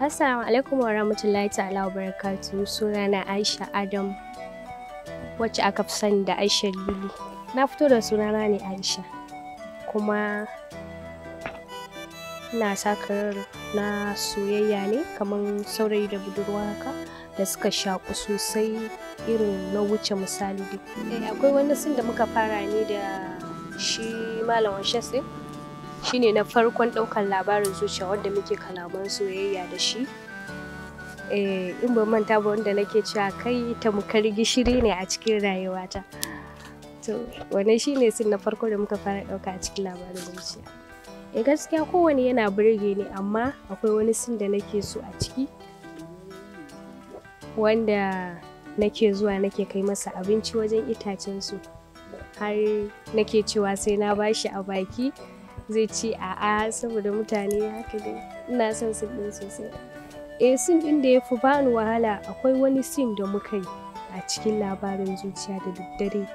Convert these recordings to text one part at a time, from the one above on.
Assalamu alaikum wa rahmatullahi ta'ala wa barakatu suna na Aisha Adam wacce aka fi sani da Aisha Lili. Na fito da sunana ne Aisha kuma na sakar na soyayya ne kamar saurayi da budurwa haka da suka shaƙu sosai irin na wuce misali duk. Eh, akwai wani sun da muka fara ne da shi malamin Shasin. shine na farkon daukan labarin zuciya wanda muke kalaman soyayya da shi eh, in ban manta ba wanda nake cewa kai tamkar gishiri ne a cikin rayuwata to wannan shine sun na farko da muka fara ɗauka a cikin labarin zuciya e gaskiya kowane yana burge ne amma akwai wani sin da nake so a ciki wanda nake zuwa nake kai masa abinci wajen itacen su har nake cewa sai na bashi a baki zai ce a'a saboda mutane haka dai ina son sin ɗin sosai eh sin din da ya fi bani wahala akwai wani sin da muka yi a cikin labarin zuciya da daddare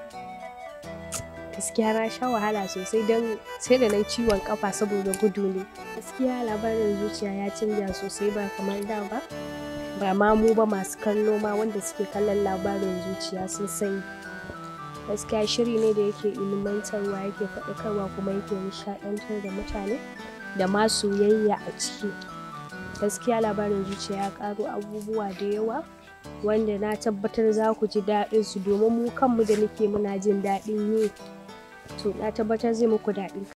gaskiya na sha wahala sosai don sai da na ciwon kafa saboda gudu ne gaskiya labarin zuciya ya canja sosai ba kamar da ba ba ma mu ba masu kallo ma wanda suke kallon labarin zuciya sun sani gaskiya shiri ne da yake ilimantarwa yake faɗakarwa kuma yake nishaɗantar da mutane da masu soyayya a ciki gaskiya labarin zuciya ya ƙaro abubuwa da yawa wanda na tabbatar za ku ji daɗin su domin mu kanmu da nake muna jin daɗin yi to na tabbatar zai muku daɗi